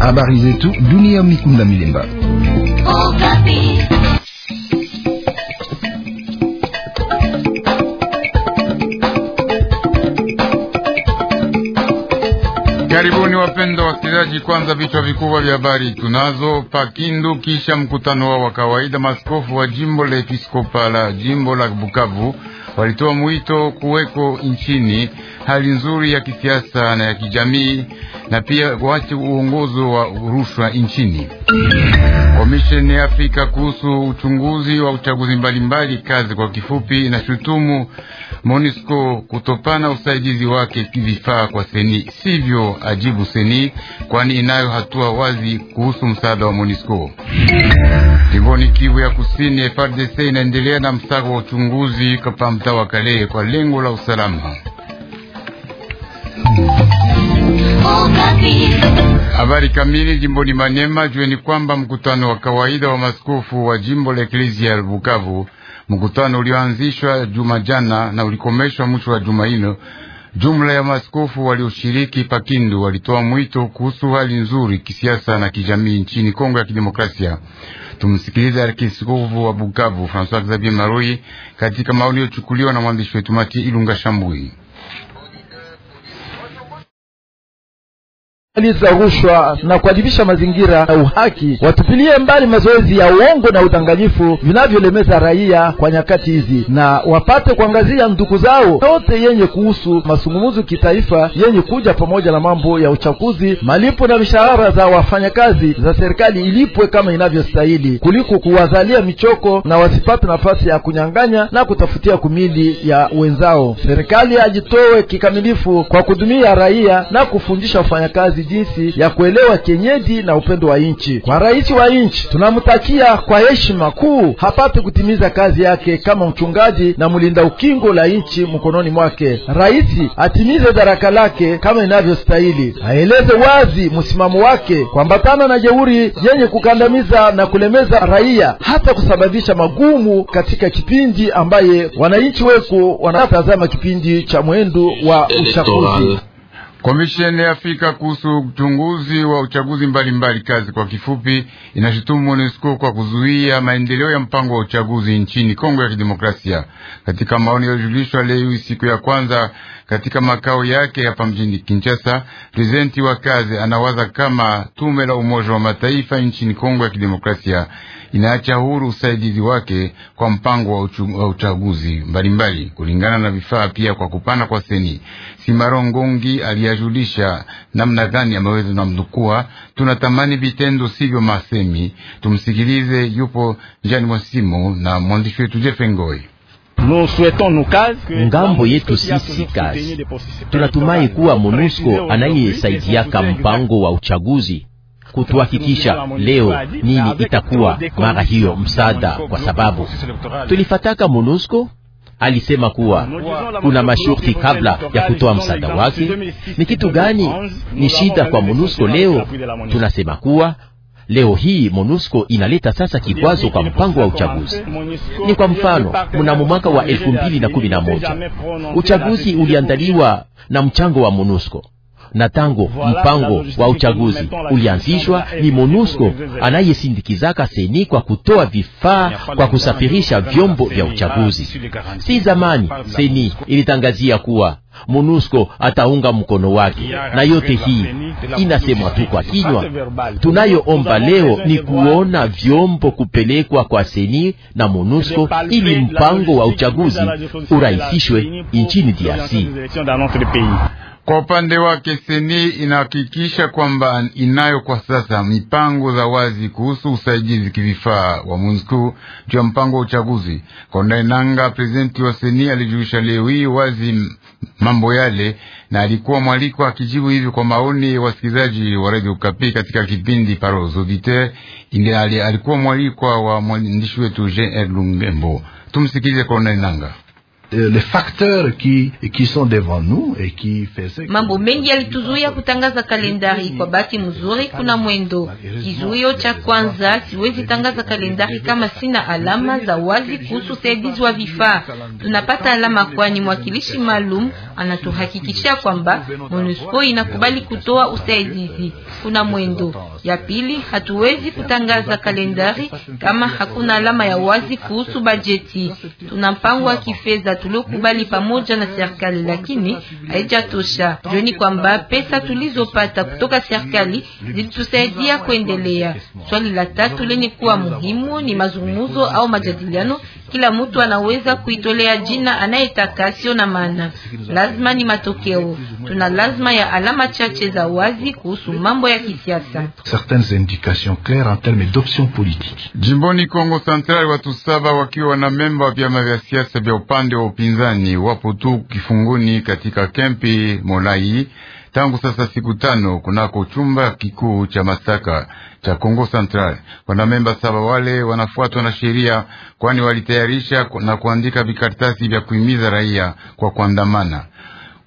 Habari zetu dunia mikunda milemba. Karibuni wapendwa wasikilizaji, kwanza vichwa vikubwa vya habari tunazo. Pakindu kisha mkutano wao wa kawaida maskofu wa jimbo la episkopa la jimbo la Bukavu walitoa mwito kuweko nchini hali nzuri ya kisiasa na ya kijamii na pia kuache uongozo wa rushwa nchini. Komisheni ya Afrika kuhusu uchunguzi wa uchaguzi mbalimbali kazi kwa kifupi, na shutumu MONUSCO kutopana usaidizi wake kivifaa kwa seni, sivyo ajibu seni, kwani inayo hatua wazi kuhusu msaada wa MONUSCO. Jimboni Kivu ya Kusini, FARDC inaendelea na msako wa uchunguzi kapa mtaa wa Kalehe kwa lengo la usalama. Habari kamili jimboni manema jueni kwamba mkutano wa kawaida wa maskofu wa jimbo la Eklezia ya Bukavu Mkutano ulioanzishwa juma jana na ulikomeshwa mwisho wa juma hilo. Jumla ya maaskofu walioshiriki Pakindu walitoa mwito kuhusu hali nzuri kisiasa na kijamii nchini Kongo ya Kidemokrasia. Tumsikilize arkiskofu wa Bukavu Francois Xavier Maroi katika maoni yaliyochukuliwa na mwandishi wetu Mati Ilunga Shambui. za rushwa na kuadibisha mazingira na uhaki, watupilie mbali mazoezi ya uongo na udanganyifu vinavyolemeza raia kwa nyakati hizi, na wapate kuangazia ndugu zao yote yenye kuhusu masungumuzo kitaifa yenye kuja pamoja na mambo ya uchaguzi, malipo na mishahara za wafanyakazi za serikali ilipwe kama inavyostahili, kuliko kuwazalia michoko na wasipate nafasi ya kunyang'anya na kutafutia kumili ya wenzao. Serikali ajitoe kikamilifu kwa kudumia raia na kufundisha wafanyakazi jinsi ya kuelewa kenyeji na upendo wa nchi. Kwa rais wa nchi, tunamtakia kwa heshima kuu hapate kutimiza kazi yake kama mchungaji na mlinda ukingo la nchi mkononi mwake. Raisi atimize daraka lake kama inavyostahili, aeleze wazi msimamo wake kuambatana na jeuri yenye kukandamiza na kulemeza raia, hata kusababisha magumu katika kipindi ambaye wananchi wetu wanatazama kipindi cha mwendo wa uchaguzi. Komisheni ya Afrika kuhusu uchunguzi wa uchaguzi mbalimbali mbali kazi kwa kifupi inashutumu MONUSCO kwa kuzuia maendeleo ya mpango wa uchaguzi nchini Kongo ya Kidemokrasia. Katika maoni yaliyojulishwa leo siku ya kwanza katika makao yake hapa mjini Kinshasa. Prezidenti wa kazi anawaza kama tume la Umoja wa Mataifa nchini Kongo ya Kidemokrasia inaacha huru usaidizi wake kwa mpango wa, uchu, wa uchaguzi mbalimbali kulingana na vifaa, pia kwa kupana kwa seni. simarongongi aliyajulisha namna gani ameweza namnukua, tunatamani vitendo sivyo masemi. Tumsikilize, yupo njani mwa simu na mwandishi wetu Jefe Ngoi ngambo yetu sisi kazi tunatumai kuwa MONUSCO anayesaidiaka mpango wa uchaguzi kutuhakikisha leo nini itakuwa mara hiyo msaada, kwa sababu tulifataka MONUSCO alisema kuwa kuna masharti kabla ya kutoa msaada wake. Ni kitu gani ni shida kwa MONUSCO leo? Tunasema kuwa Leo hii MONUSCO inaleta sasa kikwazo kwa mpango wa uchaguzi. Ni kwa mfano, mnamo mwaka wa elfu mbili na kumi na moja uchaguzi uliandaliwa na mchango wa MONUSCO na tango mpango wa uchaguzi ulianzishwa, ni MONUSCO anayesindikizaka seni kwa kutoa vifaa kwa kusafirisha vyombo vya uchaguzi. Si zamani seni ilitangazia kuwa MONUSCO ataunga mkono wake, na yote hii inasemwa tu kwa kinywa. Tunayoomba leo ni kuona vyombo kupelekwa kwa seni na MONUSCO ili mpango wa uchaguzi urahisishwe nchini DRC. Kwa upande wake Seni inahakikisha kwamba inayo kwa sasa mipango za wazi kuhusu usaidizi kivifaa wa MONUSCO juu ya mpango wa uchaguzi. Konda Nanga, prezidenti wa Seni, alijulisha leo hii wazi mambo yale, na alikuwa mwaliko akijibu hivi kwa maoni ya wasikilizaji wa Radio Kapi katika kipindi Paroles Auditeurs. Alikuwa mwalikwa wa mwandishi wetu Jean Lungembo. Tumsikilize Konda Nanga. Euh, les facteurs qui, qui sont devant nous et qui faisaient mambo mengi yalituzuia kutangaza kalendari. Kwa bahati mzuri, kuna mwendo. Kizuio cha kwanza, siwezi tangaza kalendari kama sina alama za wazi kuhusu usaidizi wa vifaa. Tunapata alama, kwani mwakilishi maalum anatuhakikishia kwamba MONUSCO inakubali kutoa usaidizi. Kuna mwendo ya pili, hatuwezi kutangaza kalendari kama hakuna alama ya wazi kuhusu bajeti. Tuna mpango wa kifedha tuliokubali pamoja na serikali, lakini haijatosha. Jioni kwamba pesa tulizopata kutoka serikali zilitusaidia kuendelea. Swali la tatu lenye kuwa muhimu ni mazungumzo au majadiliano kila mtu anaweza kuitolea jina anayetaka, sio na maana. Lazima ni matokeo. Tuna lazima ya alama chache za wazi kuhusu mambo ya kisiasa. Certaines indications claires en termes d'options politiques. Jimboni Kongo Central, watu saba wakiwa na memba wa vyama vya siasa vya upande wa upinzani wapo tu kifunguni katika kempi Molai tangu sasa siku tano kunako chumba kikuu cha mashtaka cha Kongo Central. Wanamemba saba wale wanafuatwa na sheria, kwani walitayarisha na kuandika vikaratasi vya kuhimiza raia kwa kuandamana.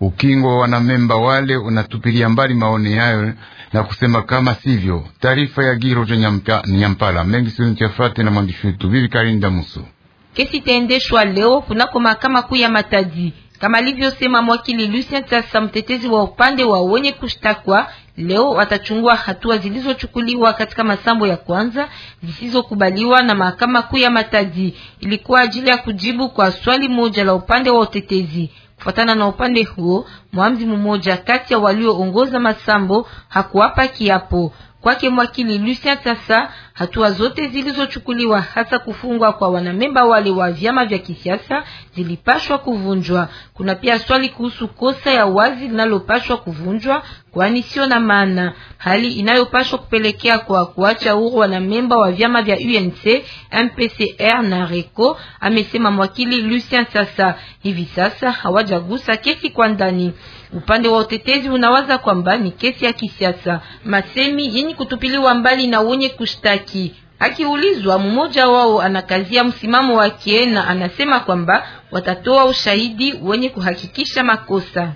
Ukingo wa wanamemba wale unatupilia mbali maoni yayo na kusema kama sivyo. Taarifa ya Giro cha Nyampala mengi sionichafate na mwandishi wetu Bibi Karinda Musu. Kesi itaendeshwa leo kunako mahakama kuu ya Matadi kama alivyosema mwakili Lucien Tasa, mtetezi wa upande wa wenye kushtakwa. Leo watachungua hatua zilizochukuliwa katika masambo ya kwanza zisizokubaliwa na mahakama kuu ya Matadi. Ilikuwa ajili ya kujibu kwa swali moja la upande wa utetezi. Kufuatana na upande huo, mwamzi mmoja kati ya walioongoza masambo hakuwapa kiapo. Kwake mwakili Lucien Tassa, Hatua zote zilizochukuliwa hasa kufungwa kwa wanamemba wale wa vyama vya kisiasa zilipashwa kuvunjwa. Kuna pia swali kuhusu kosa ya wazi linalopashwa kuvunjwa, kwani sio na maana, hali inayopashwa kupelekea kwa kuacha uhuru wanamemba wa vyama vya UNC, MPCR na RECO, amesema mwakili Lucien. Sasa hivi sasa hawajagusa kesi kwa ndani. Upande wa utetezi unawaza kwamba ni kesi ya kisiasa, masemi yenye kutupiliwa mbali na wenye kushtaki. Akiulizwa, mmoja wao anakazia msimamo wake na anasema kwamba watatoa ushahidi wenye kuhakikisha makosa.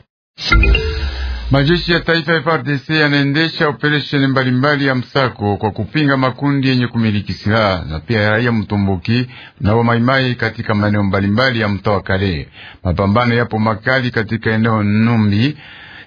Majeshi ya taifa ya FARDC yanaendesha operesheni mbalimbali ya msako kwa kupinga makundi yenye kumiliki silaha na pia raia mtomboki na wamaimai katika maeneo mbalimbali ya mtaa wa Kale. Mapambano yapo makali katika eneo Numbi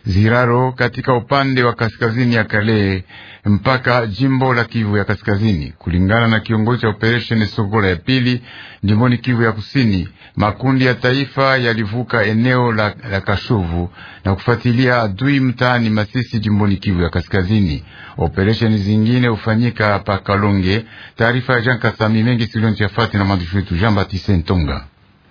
Ziraro katika upande wa kaskazini ya Kale mpaka jimbo la Kivu ya kaskazini, kulingana na kiongozi cha operesheni Sogola ya pili jimboni Kivu ya kusini. Makundi ya taifa yalivuka eneo la, la Kashuvu na kufuatilia adui mtaani Masisi jimboni Kivu ya kaskazini. Operesheni zingine hufanyika pa Kalonge. Taarifa ya Jean Kasami mengi silionchafati na mwandishi wetu Jean Batiste Ntonga.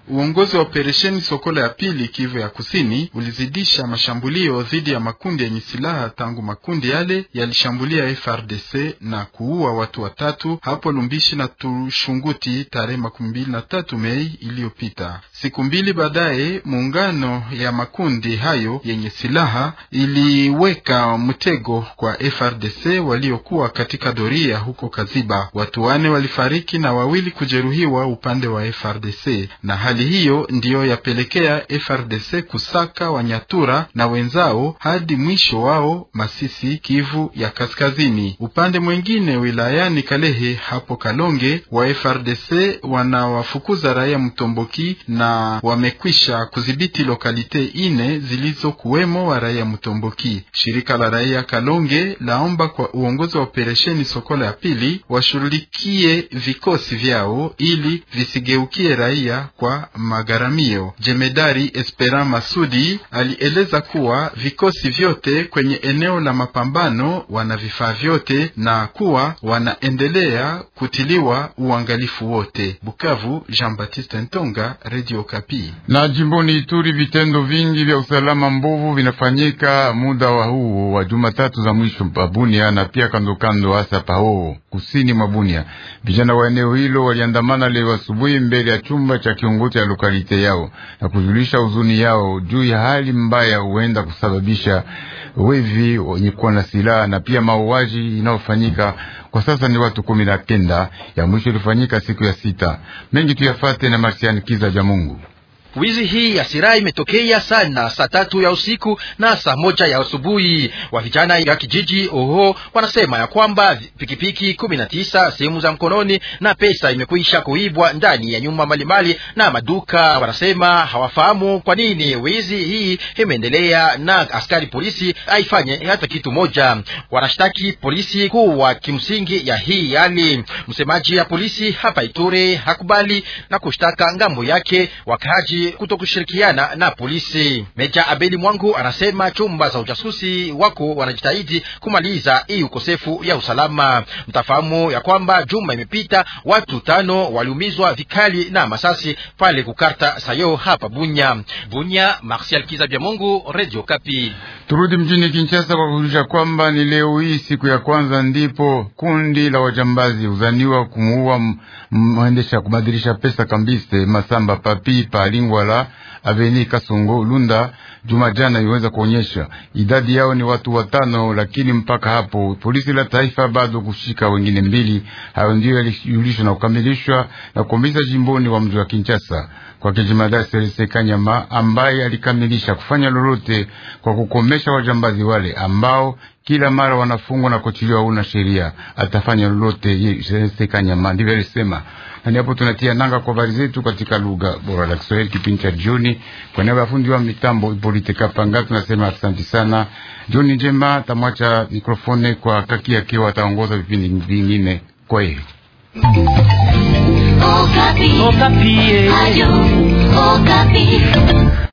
Uongozi wa operesheni Sokola ya pili Kivu ya Kusini ulizidisha mashambulio dhidi ya makundi yenye silaha tangu makundi yale yalishambulia FRDC na kuua watu watatu hapo Lumbishi na Tushunguti tarehe makumi mbili na tatu Mei iliyopita. Siku mbili baadaye, muungano ya makundi hayo yenye silaha iliweka mtego kwa FRDC waliokuwa katika doria huko Kaziba. Watu wane walifariki na wawili kujeruhiwa upande wa FRDC na hali Hali hiyo ndiyo yapelekea FRDC kusaka Wanyatura na wenzao hadi mwisho wao Masisi, Kivu ya Kaskazini. Upande mwengine, wilayani Kalehe hapo Kalonge, wa FRDC wanawafukuza raia Mtomboki na wamekwisha kudhibiti lokalite ine zilizokuwemo wa raia Mtomboki. Shirika la raia Kalonge laomba kwa uongozi wa operesheni Sokola ya pili washughulikie vikosi vyao ili visigeukie raia kwa Magaramio. Jemedari Espera Masudi alieleza kuwa vikosi vyote kwenye eneo la mapambano wana vifaa vyote na kuwa wanaendelea kutiliwa uangalifu wote. Bukavu, Jean Baptiste Ntonga, Radio Kapi. Na jimboni Ituri, vitendo vingi vya usalama mbovu vinafanyika muda wa huu wa Jumatatu za mwisho pabunia na pia kandokando, hasa pao kusini mwa Bunia. Vijana wa eneo hilo waliandamana leo asubuhi mbele ya chumba cha kiongozi katika lokalite yao na kujulisha huzuni yao juu ya hali mbaya huenda kusababisha wevi wenye kuwa na silaha na pia mauaji inayofanyika kwa sasa. Ni watu kumi na kenda, ya mwisho ilifanyika siku ya sita. Mengi tuyafate na Marsiani Kiza ja Mungu. Wizi hii ya silaha imetokea sana saa tatu ya usiku na saa moja ya asubuhi. Wa vijana ya kijiji oho wanasema ya kwamba pikipiki kumi na tisa, simu za mkononi na pesa imekwisha kuibwa ndani ya nyumba mbalimbali na maduka. Wanasema hawafahamu kwa nini wizi hii imeendelea na askari polisi haifanye hata kitu moja. Wanashtaki polisi kuwa kimsingi ya hii yani. Msemaji ya polisi hapa Ituri hakubali na kushtaka ngambo yake wakaji kutokushirikiana na polisi. Meja Abeli Mwangu anasema chumba za ujasusi wako wanajitahidi kumaliza hii ukosefu ya usalama. Mtafahamu ya kwamba juma imepita watu tano waliumizwa vikali na masasi pale kukarta sayo hapa Bunya. Bunya, Martial Kiza vya Mungu, Radio Kapi. Turudi mjini Kinshasa kwa kujulisha kwamba ni leo hii siku ya kwanza ndipo kundi la wajambazi uzaniwa kumuua mwendesha kubadilisha pesa Kambise Masamba Papi Palingwala Aveni Kasongo Lunda juma jana iweza kuonyesha idadi yao ni watu watano, lakini mpaka hapo polisi la taifa bado kushika wengine mbili. Hayo ndio yalijulishwa na kukamilishwa na kukomisa jimboni wa mji wa Kinshasa kwa kijimadari Selese Kanyama ambaye alikamilisha kufanya lolote kwa kukomesha wajambazi wale ambao kila mara wanafungwa na kuchiliwa una sheria. Atafanya lolote Selese Kanyama, ndivyo alisema. Na niapo tunatia nanga kwa habari zetu katika lugha bora la Kiswahili kipindi cha jioni. Kwa niaba ya fundi wa mitambo Ipolite Kapanga tunasema asante sana. Jioni njema, tamwacha mikrofone kwa kaki yake, ataongoza vipindi vingine. Kwa hiyo Okapi. Oh, Okapi. Oh, eh. Ayo. Okapi. Oh,